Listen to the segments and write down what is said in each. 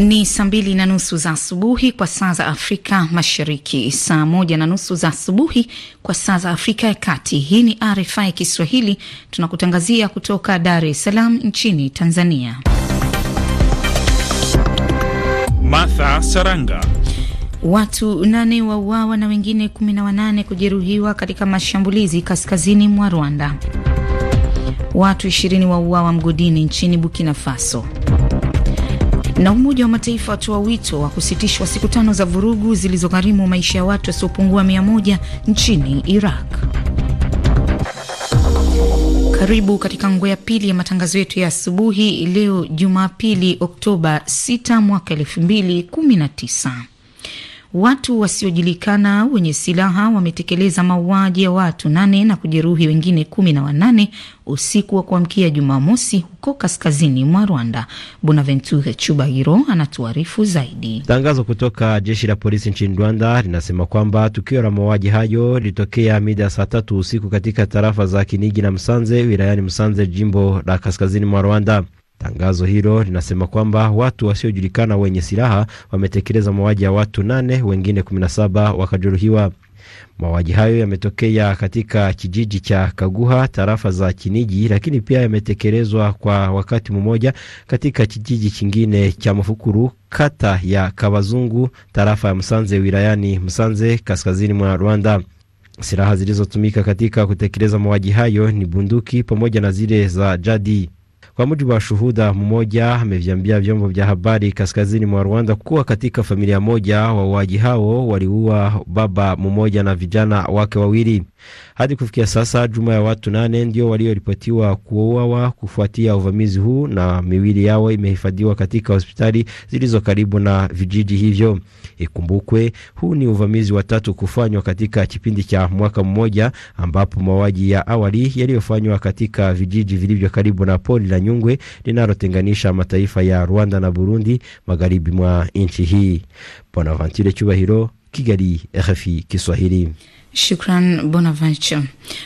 Ni saa mbili na nusu za asubuhi kwa saa za Afrika Mashariki, saa moja na nusu za asubuhi kwa saa za Afrika ya Kati. Hii ni RFI Kiswahili, tunakutangazia kutoka Dar es Salaam nchini Tanzania. Martha Saranga. Watu nane wauawa na wengine 18 kujeruhiwa katika mashambulizi kaskazini mwa Rwanda. Watu 20 wauawa mgodini nchini Burkina Faso. Na Umoja wa Mataifa watoa wito wa kusitishwa siku tano za vurugu zilizogharimu maisha ya watu wasiopungua mia moja nchini Iraq. Karibu katika ngwe ya pili ya matangazo yetu ya asubuhi leo Jumapili, Oktoba 6 mwaka 2019. Watu wasiojulikana wenye silaha wametekeleza mauaji ya watu nane na kujeruhi wengine kumi na wanane usiku wa kuamkia Jumamosi huko kaskazini mwa Rwanda. Bonaventure Chubahiro anatuarifu zaidi. Tangazo kutoka jeshi la polisi nchini Rwanda linasema kwamba tukio la mauaji hayo lilitokea mida ya saa tatu usiku katika tarafa za Kinigi na Msanze wilayani Msanze, jimbo la kaskazini mwa Rwanda. Tangazo hilo linasema kwamba watu wasiojulikana wenye silaha wametekeleza mauaji ya watu nane, wengine 17 wakajeruhiwa. Mauaji hayo yametokea katika kijiji cha Kaguha, tarafa za Kinigi, lakini pia yametekelezwa kwa wakati mmoja katika kijiji kingine cha Mafukuru, kata ya Kabazungu, tarafa ya Msanze, wilayani Msanze, kaskazini mwa Rwanda. Silaha zilizotumika katika kutekeleza mauaji hayo ni bunduki pamoja na zile za jadi. Kwa mujibu wa shuhuda mmoja, ameviambia vyombo vya habari kaskazini mwa Rwanda kuwa katika familia moja wauaji hao waliua baba mmoja na vijana wake wawili. Hadi kufikia sasa, jumla ya watu nane ndio walioripotiwa kuuawa kufuatia uvamizi huu, na miwili yao imehifadhiwa katika hospitali zilizo karibu na vijiji hivyo. Ikumbukwe, huu ni uvamizi wa tatu kufanywa katika kipindi cha mwaka mmoja, ambapo mauaji ya awali yaliyofanywa katika vijiji vilivyo karibu na poli la Nyungwe linalotenganisha mataifa ya Rwanda na Burundi magharibi mwa nchi hii. Bonaventure Cyubahiro, Kigali, RFI Kiswahili. Shukran Bonaventure.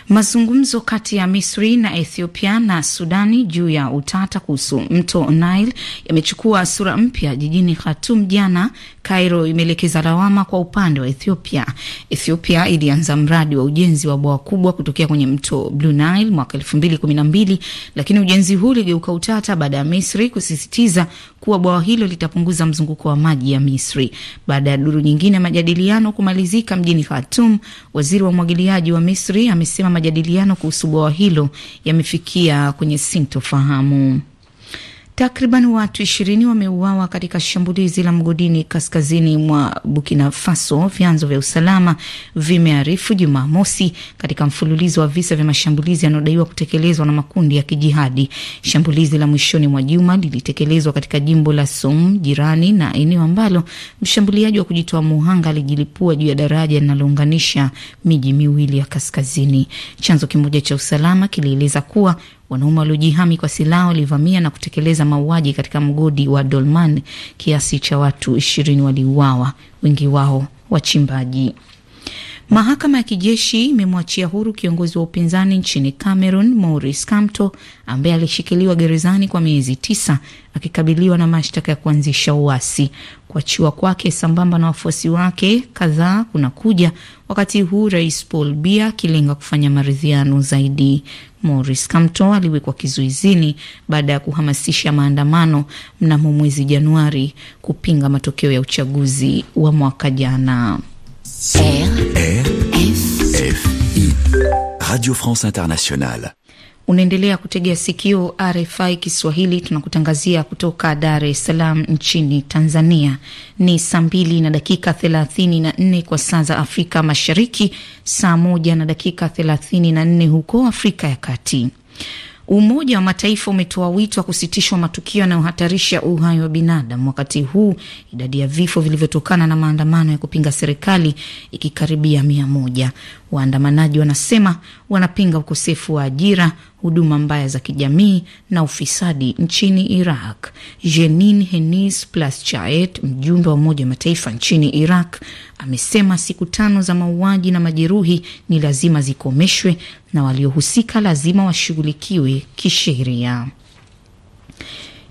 Mazungumzo kati ya Misri na Ethiopia na Sudani juu ya utata kuhusu mto Nile yamechukua sura mpya jijini Khartoum jana Cairo imeelekeza lawama kwa upande wa Ethiopia. Ethiopia ilianza mradi wa ujenzi wa bwawa kubwa kutokea kwenye mto Blue Nile mwaka 2012 lakini ujenzi huu uligeuka utata baada ya Misri kusisitiza kuwa bwawa hilo litapunguza mzunguko wa maji ya Misri. Baada ya duru nyingine ya majadiliano kumalizika mjini Khartoum, waziri wa umwagiliaji wa Misri amesema majadiliano kuhusu bwawa hilo yamefikia kwenye sintofahamu. Takriban watu ishirini wameuawa katika shambulizi la mgodini kaskazini mwa Burkina Faso, vyanzo vya usalama vimearifu Jumamosi, katika mfululizo wa visa vya mashambulizi yanayodaiwa kutekelezwa na makundi ya kijihadi. Shambulizi la mwishoni mwa juma lilitekelezwa katika jimbo la Soum, jirani na eneo ambalo mshambuliaji wa kujitoa muhanga alijilipua juu ya daraja linalounganisha miji miwili ya kaskazini. Chanzo kimoja cha usalama kilieleza kuwa Wanaume waliojihami kwa silaha walivamia na kutekeleza mauaji katika mgodi wa Dolman. Kiasi cha watu ishirini waliuawa, wengi wao wachimbaji. Mahakama ya kijeshi imemwachia huru kiongozi wa upinzani nchini Cameroon Maurice Kamto ambaye alishikiliwa gerezani kwa miezi tisa akikabiliwa na mashtaka ya kuanzisha uasi. Kuachiwa kwake sambamba na wafuasi wake kadhaa kunakuja wakati huu Rais Paul Biya akilenga kufanya maridhiano zaidi. Maurice Kamto aliwekwa kizuizini baada ya kuhamasisha maandamano mnamo mwezi Januari kupinga matokeo ya uchaguzi wa mwaka jana. I Radio France Internationale. Unaendelea kutegea sikio RFI Kiswahili, tunakutangazia kutoka Dar es Salaam nchini Tanzania. Ni saa mbili na dakika thelathini na nne kwa saa za Afrika Mashariki, saa moja na dakika thelathini na nne huko Afrika ya Kati. Umoja wa Mataifa umetoa wito wa kusitishwa matukio yanayohatarisha uhai wa binadamu, wakati huu idadi ya vifo vilivyotokana na maandamano ya kupinga serikali ikikaribia mia moja. Waandamanaji wanasema wanapinga ukosefu wa ajira, huduma mbaya za kijamii na ufisadi nchini Iraq. Jenin Henis Plaschaert, mjumbe wa Umoja wa Mataifa nchini Iraq, amesema siku tano za mauaji na majeruhi ni lazima zikomeshwe na waliohusika lazima washughulikiwe kisheria.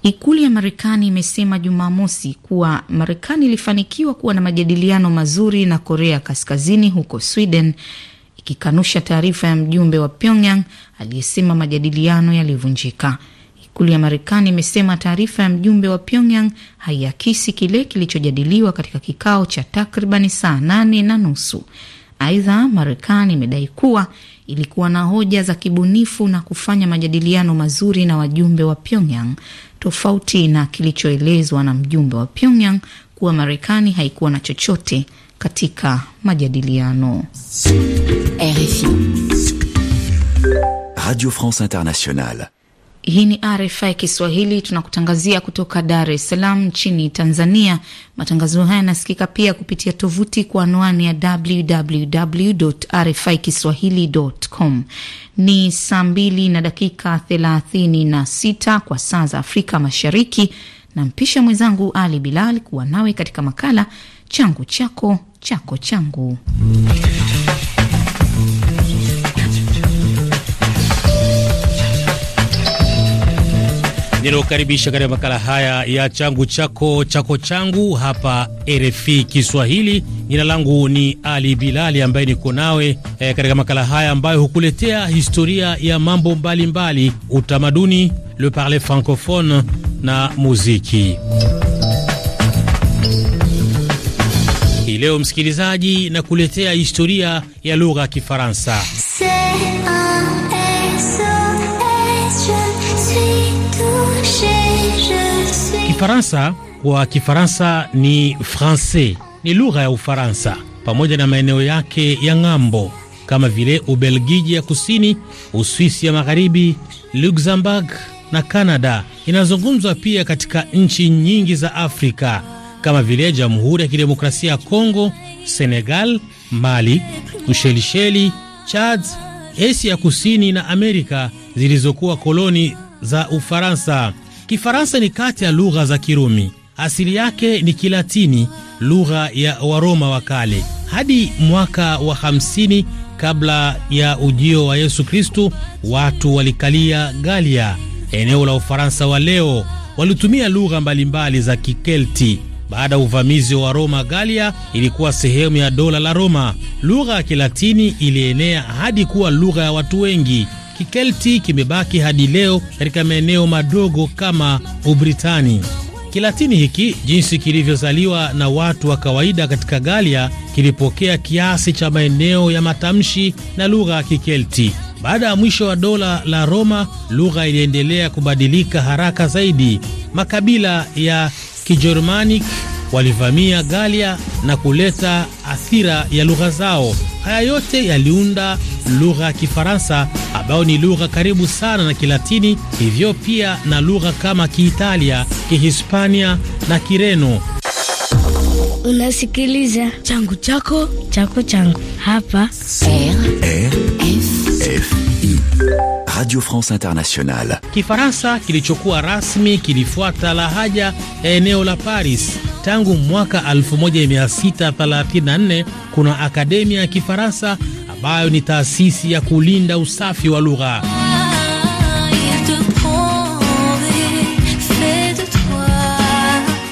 Ikulu ya Marekani imesema Jumamosi kuwa Marekani ilifanikiwa kuwa na majadiliano mazuri na Korea Kaskazini huko Sweden ikikanusha taarifa ya mjumbe wa Pyongyang aliyesema majadiliano yalivunjika. Ikulu ya Marekani imesema taarifa ya mjumbe wa Pyongyang haiakisi kile kilichojadiliwa katika kikao cha takribani saa nane na nusu. Aidha, Marekani imedai kuwa ilikuwa na hoja za kibunifu na kufanya majadiliano mazuri na wajumbe wa Pyongyang, tofauti na kilichoelezwa na mjumbe wa Pyongyang kuwa Marekani haikuwa na chochote katika majadiliano. RFI. Radio France Internationale. Hii ni RFI Kiswahili, tunakutangazia kutoka Dar es Salaam nchini Tanzania. Matangazo haya yanasikika pia kupitia tovuti kwa anwani ya www RFI kiswahilicom. Ni saa mbili na dakika 36 kwa saa za Afrika Mashariki. Nampisha mwenzangu Ali Bilal kuwa nawe katika makala changu chako chako changu. ninaokaribisha katika makala haya ya changu chako chako changu hapa RFI Kiswahili. Jina langu ni Ali Bilali ambaye niko nawe e, katika makala haya ambayo hukuletea historia ya mambo mbalimbali mbali, utamaduni, le parler francophone na muziki. Hii leo msikilizaji, nakuletea historia ya lugha ya Kifaransa. Kifaransa kwa Kifaransa ni francais, ni lugha ya Ufaransa pamoja na maeneo yake ya ng'ambo kama vile Ubelgiji ya kusini, Uswisi ya magharibi, Luxembourg na Kanada. Inazungumzwa pia katika nchi nyingi za Afrika kama vile Jamhuri ya Kidemokrasia ya Kongo, Senegal, Mali, Ushelisheli, Chad, Asia ya kusini na Amerika zilizokuwa koloni za Ufaransa. Kifaransa ni kati ya lugha za Kirumi. Asili yake ni Kilatini, lugha ya Waroma wa kale. Hadi mwaka wa 50 kabla ya ujio wa Yesu Kristu, watu walikalia Galia, eneo la Ufaransa wa leo. Walitumia lugha mbalimbali za Kikelti. Baada ya uvamizi wa Roma, Galia ilikuwa sehemu ya dola la Roma. Lugha ya Kilatini ilienea hadi kuwa lugha ya watu wengi. Kikelti kimebaki hadi leo katika maeneo madogo kama Ubritani. Kilatini hiki jinsi kilivyozaliwa na watu wa kawaida katika Galia kilipokea kiasi cha maeneo ya matamshi na lugha ya Kikelti. Baada ya mwisho wa dola la Roma, lugha iliendelea kubadilika haraka zaidi. Makabila ya Kijerumanic walivamia Galia na kuleta athira ya lugha zao. Haya yote yaliunda lugha ya Kifaransa ambayo ni lugha karibu sana na Kilatini, hivyo pia na lugha kama Kiitalia, Kihispania na Kireno. Unasikiliza changu chako chako changu hapa RFI Radio France Internationale. Kifaransa kilichokuwa rasmi kilifuata lahaja ya eneo la Paris tangu mwaka 1634. Kuna akademia ya Kifaransa ambayo ni taasisi ya kulinda usafi wa lugha.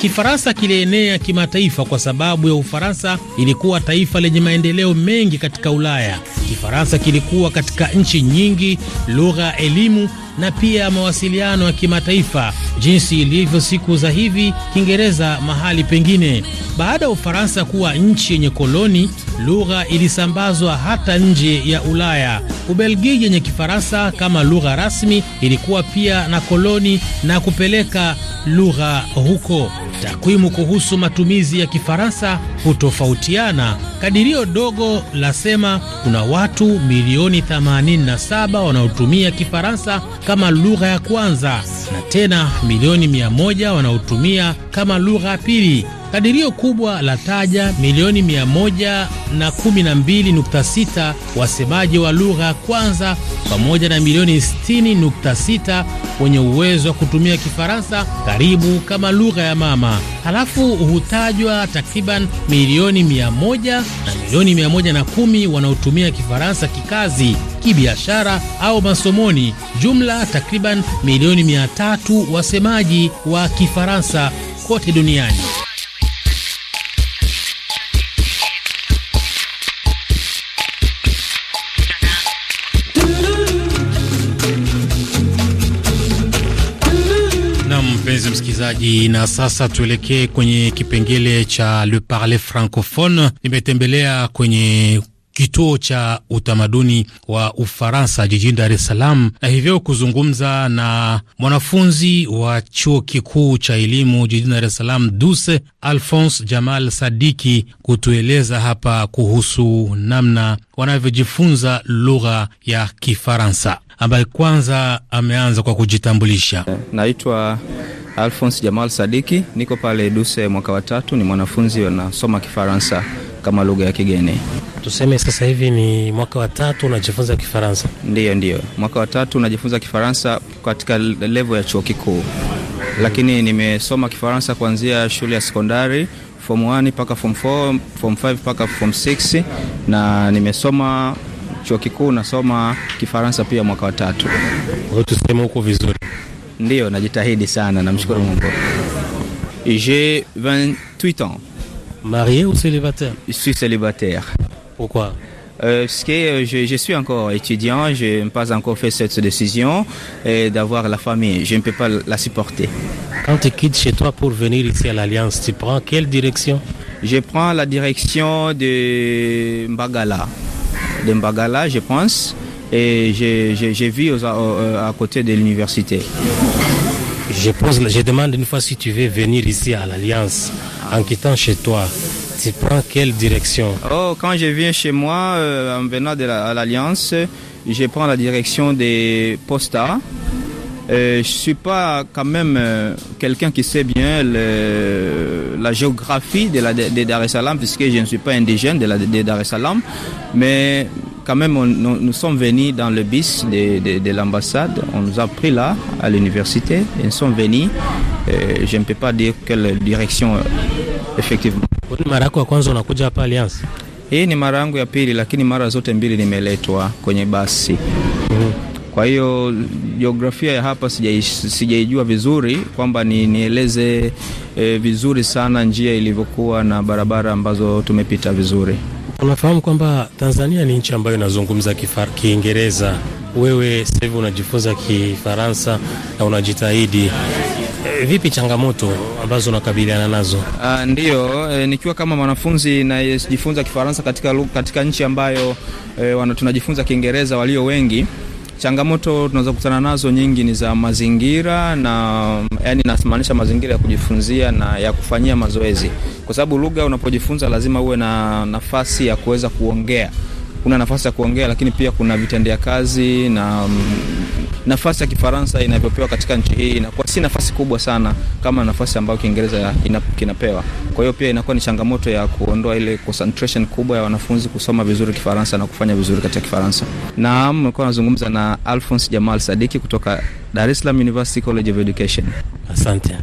Kifaransa kilienea kimataifa kwa sababu ya Ufaransa ilikuwa taifa lenye maendeleo mengi katika Ulaya. Kifaransa kilikuwa katika nchi nyingi, lugha, elimu na pia mawasiliano ya kimataifa jinsi ilivyo siku za hivi Kiingereza mahali pengine. Baada ya Ufaransa kuwa nchi yenye koloni, lugha ilisambazwa hata nje ya Ulaya. Ubelgiji yenye Kifaransa kama lugha rasmi ilikuwa pia na koloni na kupeleka lugha huko. Takwimu kuhusu matumizi ya Kifaransa hutofautiana. Kadirio dogo lasema kuna watu milioni 87 wanaotumia Kifaransa kama lugha ya kwanza na tena milioni mia moja wanaotumia kama lugha ya pili. Kadirio kubwa la taja milioni 112.6 wasemaji wa lugha ya kwanza pamoja na milioni 60.6 wenye uwezo wa kutumia Kifaransa karibu kama lugha ya mama. Halafu hutajwa takriban milioni 100 na milioni 110 wanaotumia Kifaransa kikazi, kibiashara au masomoni, jumla takriban milioni 300 wasemaji wa Kifaransa kote duniani. msikilizaji, na sasa tuelekee kwenye kipengele cha Le Parle Francophone. Nimetembelea kwenye kituo cha utamaduni wa Ufaransa jijini Dar es Salaam na hivyo kuzungumza na mwanafunzi wa chuo kikuu cha elimu jijini Dar es Salaam Duse Alphonse Jamal Sadiki kutueleza hapa kuhusu namna wanavyojifunza lugha ya Kifaransa, ambaye kwanza ameanza kwa kujitambulisha. Naitwa Alphonse Jamal Sadiki, niko pale Duse mwaka wa tatu, ni mwanafunzi anasoma Kifaransa kama lugha ya kigeni. Tuseme sasa hivi ni mwaka wa tatu unajifunza Kifaransa? Ndiyo, ndiyo, mwaka wa tatu unajifunza Kifaransa katika level ya chuo kikuu, lakini nimesoma Kifaransa kuanzia shule ya sekondari form 1 mpaka form 4, form 5 mpaka form 6 na nimesoma chuo kikuu nasoma Kifaransa pia mwaka wa tatu. Tuseme huko vizuri J'ai 28 ans. Marié ou célibataire Je suis célibataire. Pourquoi euh, parce que euh, je, je, suis encore étudiant, je n'ai pas encore fait cette décision euh, d'avoir la famille. Je ne peux pas la supporter. Quand tu quittes chez toi pour venir ici à l'Alliance, tu prends quelle direction Je prends la direction de Mbagala. De Mbagala, je pense et j'ai vu aux, euh, à, côté de l'université. Je, je demande une fois si tu veux venir ici à l'Alliance en quittant chez toi. Tu prends quelle direction oh, Quand je viens chez moi, euh, en venant de à l'Alliance, je prends la direction des Posta. Euh, je ne suis pas quand même quelqu'un qui sait bien la géographie de, la, de Dar es Salaam, puisque je ne suis pas indigène de, la, de Dar es Salaam. Quand même, on, nous sommes venus dans le bus de, de, de l'ambassade. On nous a pris là, à l'université. Ils sont venus. Euh, je ne peux pas dire quelle direction, euh, effectivement. hii eh, ni mara yangu ya pili lakini mara zote mbili nimeletwa kwenye basi mm. kwa hiyo jiografia ya hapa sijaijua vizuri kwamba ni, nieleze e, vizuri sana njia ilivyokuwa na barabara ambazo tumepita vizuri Unafahamu kwamba Tanzania ni nchi ambayo inazungumza Kiingereza. Wewe sasa hivi unajifunza Kifaransa na unajitahidi eh, vipi changamoto ambazo unakabiliana nazo? Uh, e, nikiwa kama mwanafunzi nayejifunza Kifaransa katika, katika nchi ambayo e, wana, tunajifunza Kiingereza walio wengi changamoto tunazokutana nazo nyingi ni za mazingira na yani, nasimanisha mazingira ya kujifunzia na ya kufanyia mazoezi kwa sababu lugha unapojifunza lazima uwe na nafasi ya kuweza kuongea kuna nafasi ya kuongea lakini pia kuna vitendea kazi na mm, nafasi ya Kifaransa inavyopewa katika nchi hii inakuwa si nafasi kubwa sana kama nafasi ambayo Kiingereza kinapewa. Kwa hiyo pia inakuwa ni changamoto ya kuondoa ile concentration kubwa ya wanafunzi kusoma vizuri Kifaransa na kufanya vizuri katika Kifaransa. Naam, nilikuwa nazungumza na Alphonse Jamal Sadiki kutoka Dar es Salaam University College of Education. Asante.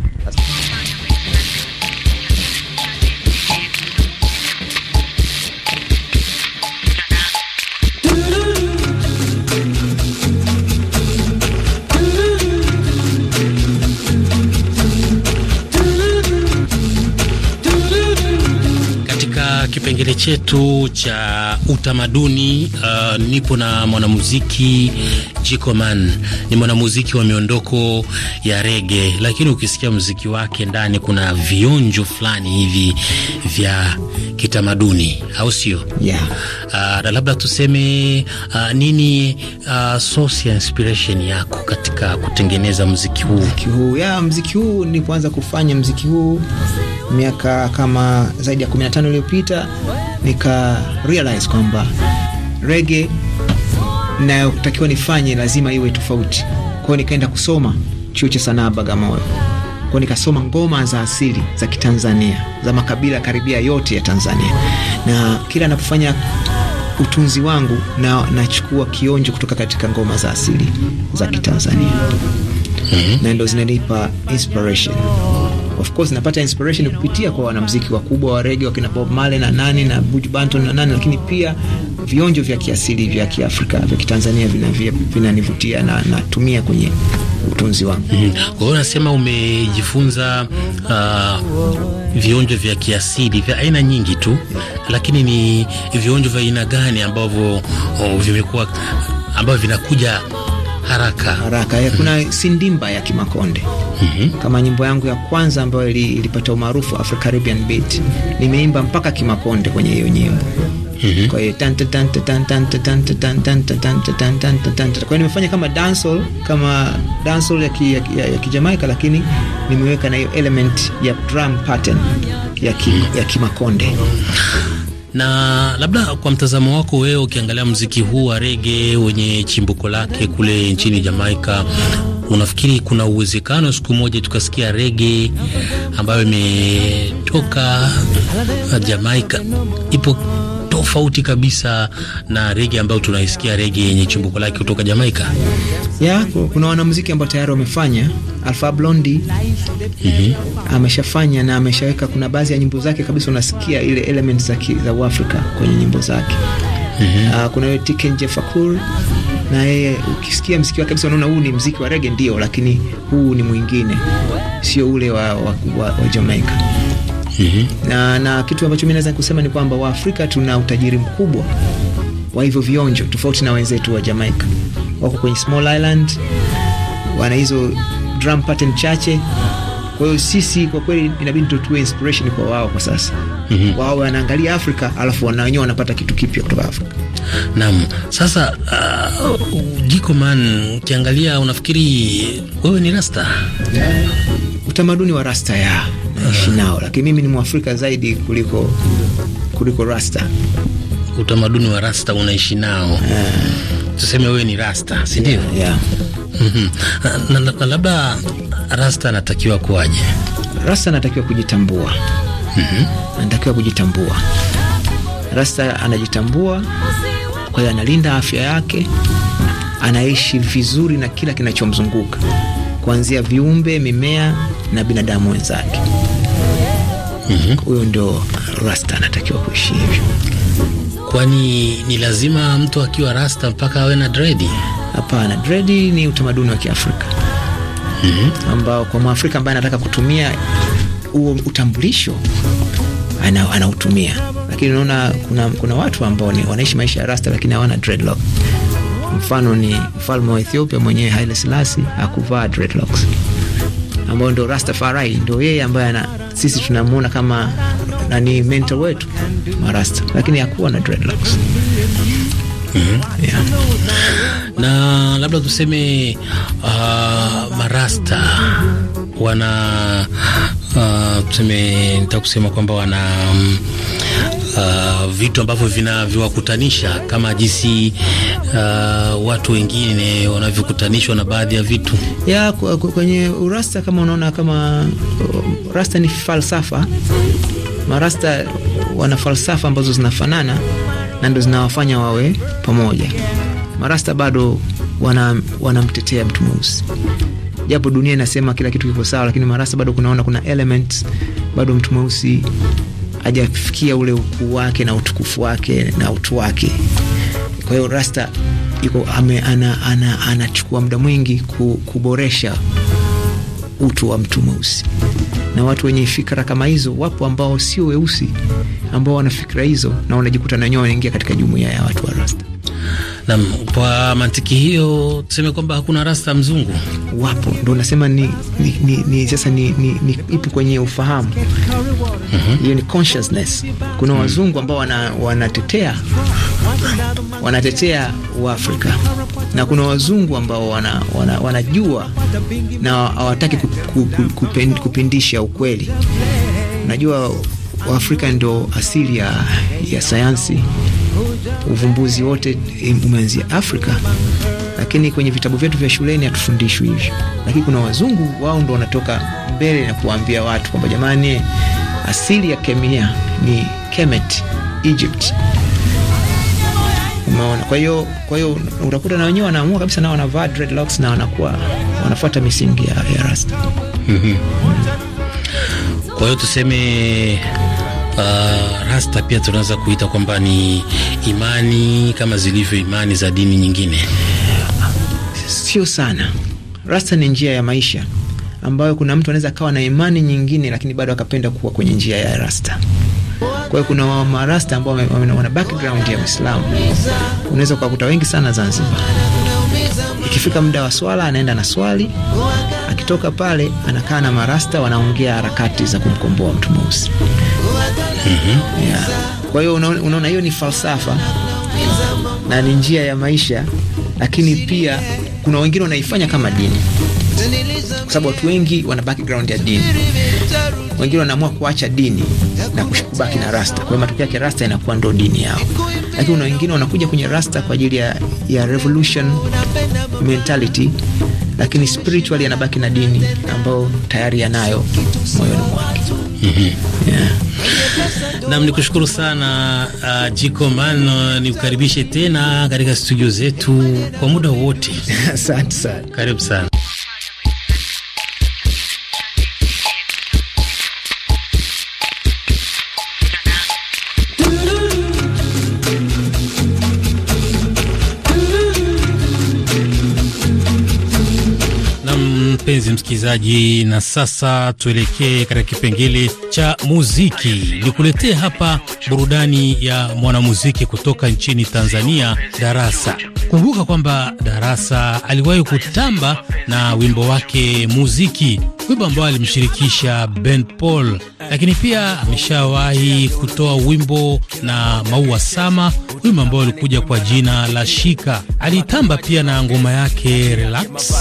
chetu cha utamaduni uh, nipo na mwanamuziki Jikoman. Ni mwanamuziki wa miondoko ya rege, lakini ukisikia muziki wake ndani kuna vionjo fulani hivi vya kitamaduni, au sio? Yeah. Uh, na labda tuseme uh, nini uh, source ya inspiration yako katika kutengeneza muziki huu? Muziki huu, yeah, muziki huu nilipoanza kufanya muziki huu miaka kama zaidi ya 15 iliyopita nika realize kwamba rege nayotakiwa nifanye lazima iwe tofauti. Kwao nikaenda kusoma chuo cha sanaa Bagamoyo, kwao nikasoma ngoma za asili za Kitanzania za makabila karibia yote ya Tanzania, na kila anapofanya utunzi wangu na nachukua kionjo kutoka katika ngoma za asili za Kitanzania mm -hmm. na ndo zinanipa inspiration Of course napata inspiration kupitia kwa wanamuziki wakubwa wa rege wakina Bob Marley na nani na Buju Banton na nani, lakini pia vionjo vya kiasili vya Kiafrika vya Kitanzania vinanivutia na natumia kwenye utunzi wangu. Mm. Kwa hiyo unasema umejifunza uh, vionjo vya kiasili vya aina nyingi tu, lakini ni vionjo vya aina gani ambavyo uh, vimekuwa ambavyo vinakuja haraka haraka. Kuna sindimba ya Kimakonde mm -hmm. kama nyimbo yangu ya kwanza ambayo ilipata umaarufu Afro Caribbean Beat, nimeimba mpaka Kimakonde kwenye hiyo nyimbo. Kwa hiyo kwa nimefanya kama dancehall kama dancehall ya ya, ya Kijamaika, lakini nimeweka na hiyo element ya drum pattern ya ki, ya Kimakonde na labda kwa mtazamo wako wewe, ukiangalia mziki huu wa rege wenye chimbuko lake kule nchini Jamaika, unafikiri kuna uwezekano siku moja tukasikia rege ambayo imetoka Jamaika ipo tofauti kabisa na rege ambayo tunaisikia, rege yenye chimbuko lake kutoka Jamaika. Ya, kuna wanamuziki ambao tayari wamefanya. Alpha Blondy mm ameshafanya na ameshaweka, kuna baadhi ya nyimbo zake kabisa unasikia ile elements za za Uafrika kwenye nyimbo zake mm -hmm. uh, kuna yule Tikenje Fakur na yeye ukisikia mziki wake kabisa unaona huu ni mziki wa rege, ndio, lakini huu ni mwingine, sio ule wa, wa, wa, wa Jamaika mm -hmm. na, na kitu ambacho mi naweza kusema ni kwamba Waafrika tuna utajiri mkubwa wa hivyo vionjo tofauti na wenzetu wa Jamaica, wako kwenye small island, wana hizo drum pattern chache. Kwa hiyo sisi kwa kweli inabidi tutue inspiration kwa wao kwa sasa. mm -hmm. Wao wanaangalia Afrika alafu wanawenyewe wanapata kitu kipya kutoka Afrika. Naam, sasa uh, Jiko Man, ukiangalia unafikiri wewe ni rasta? Yeah. Utamaduni wa rasta ya naishi nao, lakini mimi ni Mwafrika zaidi kuliko kuliko rasta. Utamaduni wa rasta unaishi nao yeah. tuseme wewe ni rasta, si ndio? yeah, yeah. mm -hmm. na, na, na labda rasta anatakiwa kuwaje? Rasta anatakiwa kujitambua. mm -hmm. anatakiwa kujitambua. Rasta anajitambua, kwa hiyo analinda afya yake, anaishi vizuri na kila kinachomzunguka kuanzia viumbe, mimea na binadamu wenzake. Mm-hmm. huyo mm -hmm. Ndio rasta anatakiwa kuishi hivyo. Kwani ni lazima mtu akiwa rasta mpaka awe na dredi? Hapana, dredi ni utamaduni wa Kiafrika mm -hmm. ambao kwa Mwafrika ambaye anataka kutumia huo utambulisho anautumia ana, lakini unaona kuna, kuna watu ambao wanaishi maisha ya rasta lakini hawana dreadlock. Mfano ni mfalme wa Ethiopia mwenyewe Haile Selassie hakuvaa dreadlocks, ambao ndo Rastafari, yeye ambaye ana sisi tunamuona kama nani mentor wetu marasta, lakini hakuwa na dreadlocks. Mm -hmm. Yeah. Na labda tuseme uh, marasta wana uh, tuseme nitakusema kwamba wana um, uh, vitu ambavyo vinavyowakutanisha kama jinsi uh, watu wengine wanavyokutanishwa na baadhi ya vitu ya kwenye urasta. Kama unaona kama rasta ni falsafa, marasta wana falsafa ambazo zinafanana na ndo zinawafanya wawe pamoja. Marasta bado wanamtetea wana mtu mweusi japo dunia inasema kila kitu kiko sawa, lakini marasta bado kunaona kuna element bado mtu mweusi hajafikia ule ukuu wake na utukufu wake na utu wake. Kwa hiyo Rasta yuko ana, anachukua ana muda mwingi kuboresha utu wa mtu mweusi, na watu wenye fikra kama hizo wapo, ambao sio weusi, ambao wana fikra hizo na wanajikuta na wenyewe wanaingia katika jumuiya ya watu wa Rasta nam kwa mantiki hiyo tuseme kwamba hakuna rasta mzungu, wapo ndo nasema ni, ni, ni, ni sasa ni, ni, ni ipi kwenye ufahamu mhm. hiyo, mm-hmm. ni consciousness. Kuna mm. wazungu ambao wana, wanatetea wanatetea Waafrika na kuna wazungu ambao wana, wana, wanajua na hawataki kupindisha ukweli. Unajua Waafrika ndo asili ya, ya sayansi Uvumbuzi wote umeanzia Afrika, lakini kwenye vitabu vyetu vya shuleni hatufundishwi hivyo. Lakini kuna wazungu, wao ndo wanatoka mbele na kuwaambia watu kwamba jamani, asili ya kemia ni Kemet, Egypt. Umeona? Kwa hiyo kwa hiyo utakuta na wenyewe wanaamua kabisa, nao wanavaa dreadlocks na wanakuwa wanafuata misingi ya, ya rasta. Mm -hmm. Kwa hiyo tuseme Uh, rasta pia tunaweza kuita kwamba ni imani kama zilivyo imani za dini nyingine, sio sana. Rasta ni njia ya maisha ambayo kuna mtu anaweza akawa na imani nyingine, lakini bado akapenda kuwa kwenye njia ya rasta. Kwa hiyo kuna marasta ambao wana background ya Uislamu, unaweza ukakuta wengi sana Zanzibar. Ikifika muda wa swala anaenda na swali, akitoka pale anakaa na marasta, wanaongea harakati za kumkomboa mtu mweusi. Mm-hmm. Kwa hiyo unaona, hiyo ni falsafa na ni njia ya maisha, lakini pia kuna wengine wanaifanya kama dini, kwa sababu watu wengi wana background ya dini. Wengine wanaamua kuacha dini na kubaki na rasta, kwa hiyo matokeo yake rasta inakuwa ndo dini yao, lakini kuna wengine wanakuja kwenye rasta kwa ajili ya, ya revolution mentality, lakini spiritually anabaki na dini ambayo tayari yanayo moyoni mwake na Nam ni kushukuru sana uh, Jiko Man, ni kukaribishe tena katika studio zetu kwa muda wote. Asante sana, karibu sana. msikilizaji, na sasa tuelekee katika kipengele cha muziki. Nikuletee hapa burudani ya mwanamuziki kutoka nchini Tanzania, Darasa. Kumbuka kwamba Darasa aliwahi kutamba na wimbo wake Muziki, wimbo ambao alimshirikisha Ben Paul, lakini pia ameshawahi kutoa wimbo na Maua Sama, wimbo ambao alikuja kwa jina la Shika. Alitamba pia na ngoma yake Relax,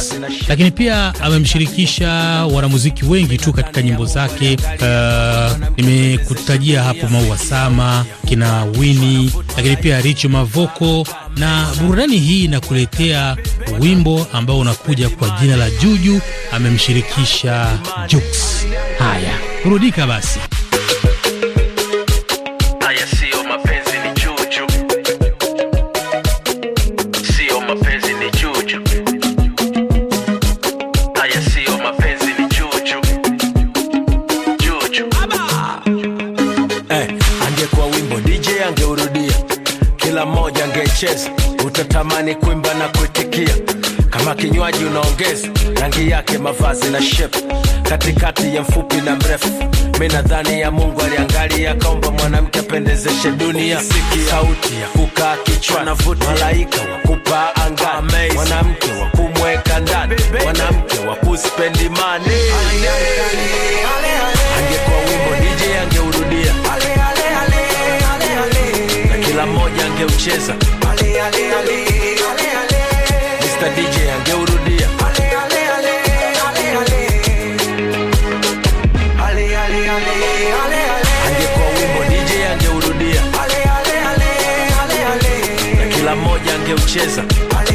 lakini pia amemshirikisha wanamuziki wengi tu katika nyimbo zake. Uh, nimekutajia hapo Maua Sama, kina Wini, lakini pia rich Mavoko na burudani hii inakuletea wimbo ambao unakuja kwa jina la Juju, amemshirikisha Jux. Haya, burudika basi. kucheza, utatamani kuimba na kuitikia kama kinywaji unaongeza rangi yake, mavazi na shepu, katikati ya mfupi na mrefu. Mi nadhani ya Mungu aliangalia, akaomba mwanamke apendezeshe dunia. Sauti ya kukaa kichwa, malaika wa kupaa angani, mwanamke wa kumweka ndani, mwanamke wa kuspendi mani. Angekuwa wimbo DJ angeurudia na kila mmoja angeucheza ale ale ale ale angeurudia ale ale angeucheza ale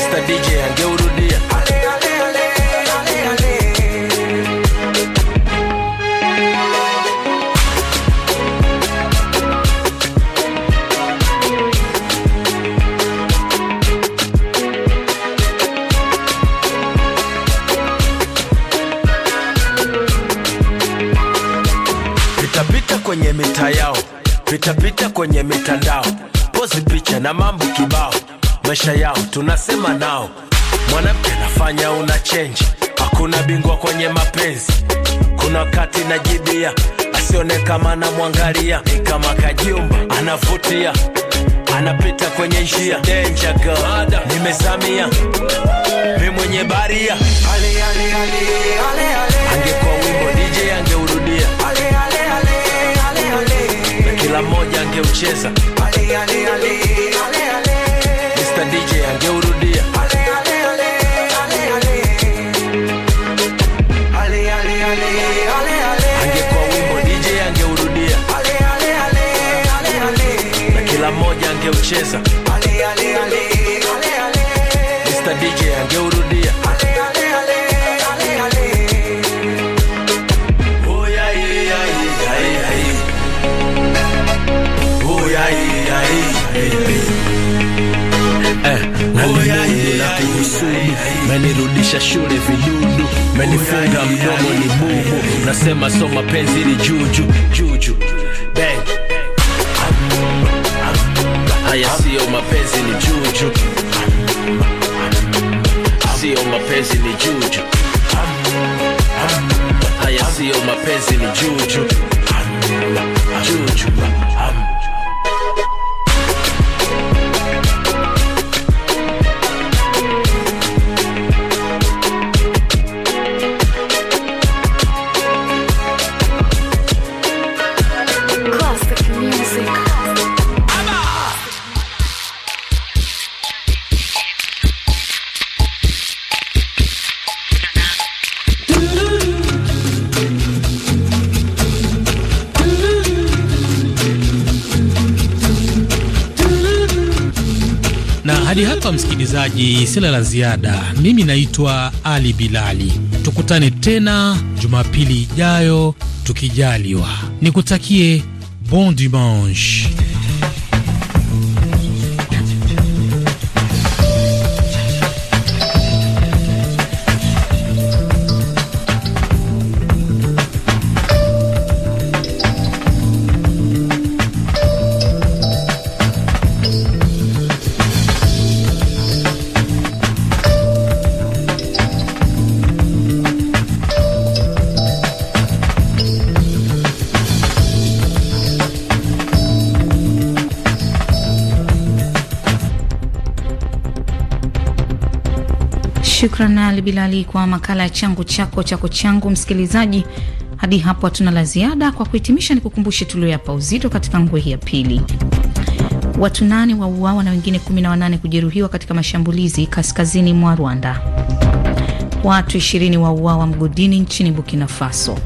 Mr DJ angeurudia kwenye mita yao, pitapita kwenye mitandao, pozi picha na mambo kibao, maisha yao tunasema nao. Mwanamke anafanya una change, hakuna bingwa kwenye mapenzi. Kuna wakati najibia, asione kama namwangalia, ni kama kajumba anavutia, anapita kwenye njia danger girl, nimezamia mi mwenye baria ali, ali, ali, ali. mmoja angeucheza Mr. na kila mmoja angeucheza ale, ale, ale. nimesafisha shule vidudu, menifunga mdomo ni bubu, nasema so mapenzi ni juju juju, bang haya siyo mapenzi ni juju, siyo mapenzi ni juju, haya siyo mapenzi ni juju juju juju msikilizaji, sina la ziada. Mimi naitwa Ali Bilali. Tukutane tena Jumapili ijayo tukijaliwa. Nikutakie bon dimanche. Shukran Ali Bilali kwa makala ya changu chako chako changu. Msikilizaji, hadi hapo hatuna la ziada. Kwa kuhitimisha, ni kukumbushe tulioyapa uzito katika ngwe ya pili. Watu nane wauawa na wengine 18 kujeruhiwa katika mashambulizi kaskazini mwa Rwanda. Watu 20 wauawa mgodini nchini Burkina Faso.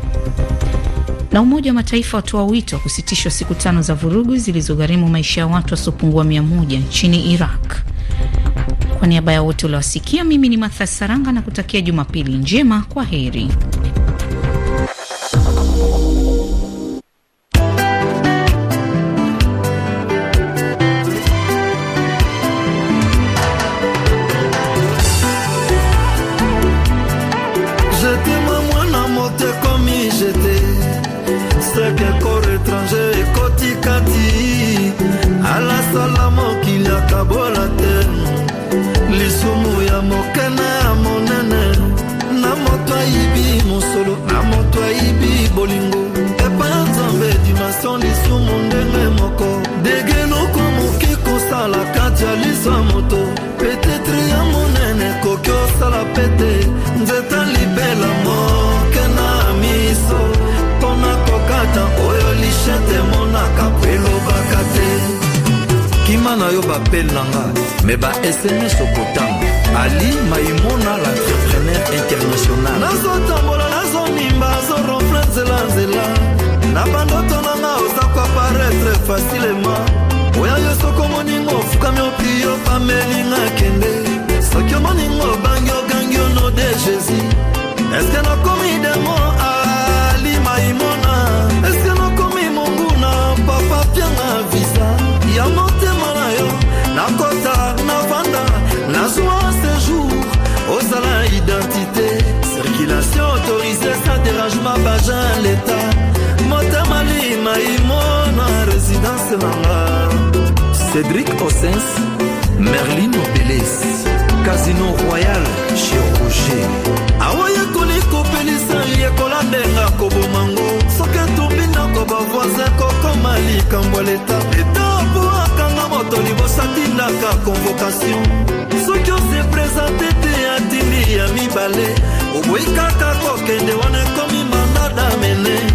Na Umoja wa Mataifa watoa wito wa kusitishwa siku tano za vurugu zilizogharimu maisha ya watu wasiopungua 100 nchini Iraq. Kwa niaba ya wote uliowasikia, mimi ni Matha Saranga na kutakia Jumapili njema. Kwa heri. oyo bapele na nga me ba sms okotanga ali maimona l'entrepreneur international nazotambola nazonimba azoronfle nzelanzela na bandoto nanga oza koaparetre facilement Cédric Ossens, Merlin Obélis, Casino Royal chez Roger. mango. kopelisa yekolandenga kobomango soki koba voisin koko kokoma likambo Et etabu akanga moto liboso ka convocation soki présenté, te Timi ya mibale oboyi kaka kende wana komi mandada mene